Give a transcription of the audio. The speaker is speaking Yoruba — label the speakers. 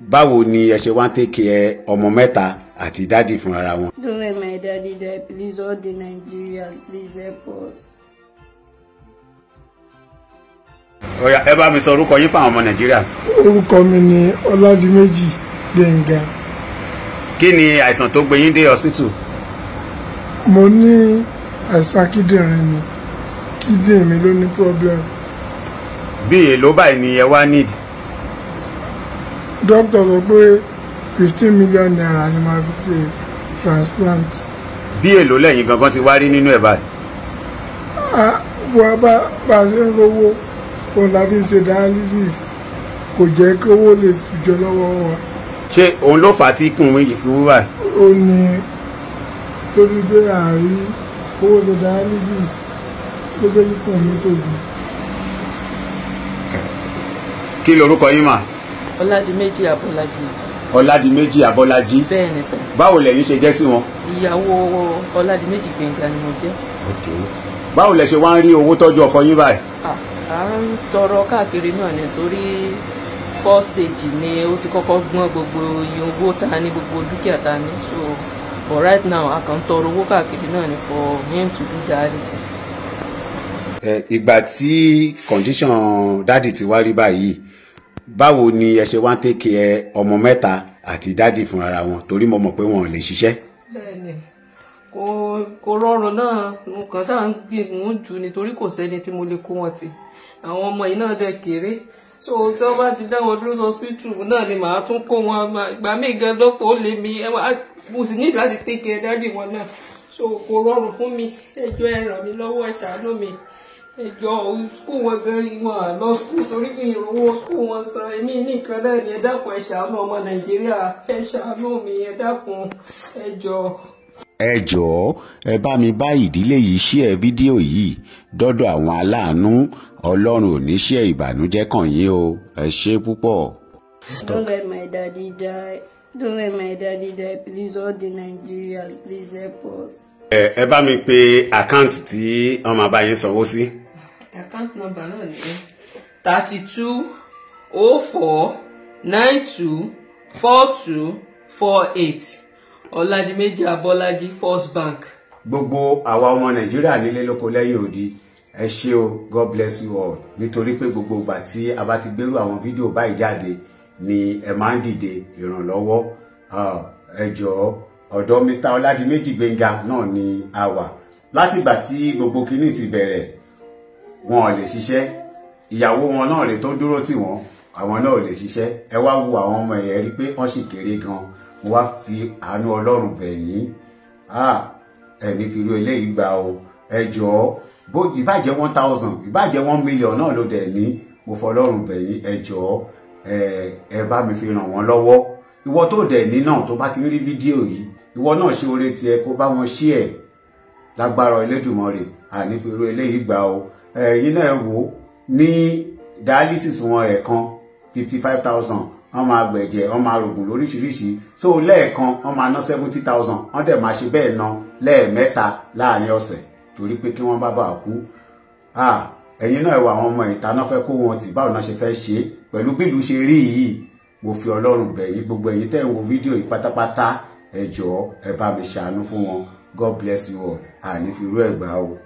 Speaker 1: báwo ni ẹ ṣe wá ń tèkè ẹ ọmọ mẹ́ta àti dádì fún ara wọn.
Speaker 2: don't let my daddy die please all the Nigerians please help us.
Speaker 1: ọ̀yà ẹ bá mi sọ orúkọ yín fáwọn ọmọ nàìjíríà.
Speaker 3: orúkọ mi ni ọládìméjì gbẹ̀ngà.
Speaker 1: kí ni àìsàn tó gbé yín dé hospital.
Speaker 3: mo ní àìsàn kíndìnrín mi kíndìnrín mi ló ní problem.
Speaker 1: bí èlò báyìí ni ẹ wá nídìí
Speaker 3: dókítà sọ pé fifteen million naira ni màá fi ṣe transplant.
Speaker 1: bí èlò lẹ́yìn gangan ti wá rí nínú ẹ̀ báyìí.
Speaker 3: bá a ṣe ń lówó òun la fi ń ṣe dialysis kò jẹ́ kí owó lè sùjọ lọ́wọ́ wa.
Speaker 1: ṣé òun ló fà á tí kùn mí yìí fi wú báyìí.
Speaker 3: ó ní torí pé àárín owó ṣe dialysis ló jẹ́ kí kùn tóbi.
Speaker 1: kí lorúkọ yín mà ọládìméjì abọ́lájí. ọládìméjì abọ́lájí. bẹ́ẹ̀ni sà. báwo lẹ̀yin ṣe jẹ́ sí wọn.
Speaker 2: ìyàwó ọládìméjì gbẹ̀ngà ni mo jẹ́.
Speaker 1: ok báwo lẹ ṣe wá ń rí owó tọ́jú ọkọ yín báyìí.
Speaker 2: à ń tọrọ káàkiri náà nítorí first stage ni ó ti kọ́kọ́ gbọ́n gbogbo iye owó tá a ní gbogbo dúkìá tá ní so but right now a kàn ń tọrọ owó káàkiri náà ni for him to do dialysis.
Speaker 1: ìgbà tí condition dádì ti wá rí báyìí báwo ni ẹ ṣe wá ń tèkè ẹ ọmọ mẹ́ta àti dádì fún ara wọn torí mo mọ̀ pé wọn ò lè ṣiṣẹ́.
Speaker 2: bẹ́ẹ̀ni kò kò rọrùn náà nǹkan tá à ń gbìyànjú jù nítorí kò sẹ́ni tí mo lè kó wọn tì àwọn ọmọ yìí náà dẹ̀ kéré so tí wọ́n bá ti dá wọn dúró hospital náà ni màá tún kó wọn gbà mí gan dọ́pọ̀ ó lè mi mo sì nílò láti tèkè dádì wọn náà so kò rọrùn fún mi ẹjọ́ ẹ ràn mí lọ́wọ́ ẹ ṣàánú mi ẹjọ school wọn gan wọn à lọ skul torí mi School skul wọn san èmi nìkan náà ni ẹ dákun ẹ ṣàánú ọmọ nàìjíríà ẹ ṣàánú mi ẹ dákun ẹjọ.
Speaker 1: ẹ jọ̀ọ́ ẹ bá mi bá ìdílé yìí ṣí ẹ fídíò yìí dọ́dọ̀ àwọn aláàánú ọlọ́run ò ní ṣe ìbànújẹ́ kàn yín o ẹ ṣe púpọ̀. Don't
Speaker 2: let my daddy die. Don't let my daddy die. Please, all the Nigerians, please help us.
Speaker 1: Ẹ bá mi pe àkáǹtì tí ọmọ àbáyé sanwó sí
Speaker 2: account number náà ni thirty two oh four nine two four two four eight ọ̀làdìmẹ́jì abọ́lájí
Speaker 1: first bank. gbogbo àwa ọmọ nàìjíríà nílé lóko lẹ́yìn odi ẹ ṣé o god bless you all nítorí pé gbogbo ìgbà tí a bá ti gbérú àwọn fídíò báyìí jáde ni ẹ máa ń dìde ìrànlọ́wọ́ ẹ jọ̀ọ́ ọ̀dọ̀ mr ọládìméjì gbẹ̀ngà náà ni a wà láti ìgbà tí gbogbo kinní ti bẹ̀rẹ̀ wọn ò lè ṣiṣẹ́ ìyàwó wọn náà lè tó ń dúró tì wọ́n àwọn náà ò lè ṣiṣẹ́ ẹ wá wo àwọn ọmọ ẹ̀yẹ rí pé wọ́n sì kéré gan mo wá fi àánú ọlọ́run bẹ̀ yín ẹni fi irú eléyìí gbà o ẹ jọ̀ọ́ bó ìbàjẹ́ one thousand ìbàjẹ́ one million náà ló dẹ̀ ní mo fọlọ́run bẹ̀ yín ẹ jọ̀ọ́ ẹ bá mi fi ràn wọ́n lọ́wọ́ ìwọ tó dẹ̀ ní náà tó bá ti rí fídíò yìí ìwọ náà ṣe oore tiẹ̀ kó bá wọn ṣí ẹ̀ lágbára Elédùmarè ànífẹ̀rọ eléyìí gbà o ẹ̀yin náà wò ní dialysis wọn ẹ̀ẹ̀kan fifty five thousand wọ́n máa gbẹ̀jẹ̀ wọ́n máa rògùn lóríṣiríṣi so lẹ́ẹ̀kan wọ́n máa ná seventy thousand wọ́n dẹ̀ máa ṣe bẹ́ẹ̀ ná lẹ́ẹ̀mẹ́ta láàrin ọ̀sẹ̀ torí pé kí wọ́n bá bàa kú ẹ̀yin náà wà àwọn ọmọ ìta náà fẹ́ kó wọn tì báwo náà ṣe fẹ́ ṣe pẹ̀lú bílù ṣe rí yìí mo fi Ọlọ́run bẹ̀ yín gbogbo ẹ̀yin tẹ́ ń wo fídíò yìí pátápátá ẹ jọ̀ọ́ ẹ bá mi ṣàánú fún wọn God bless you all and if you ẹ̀ gbà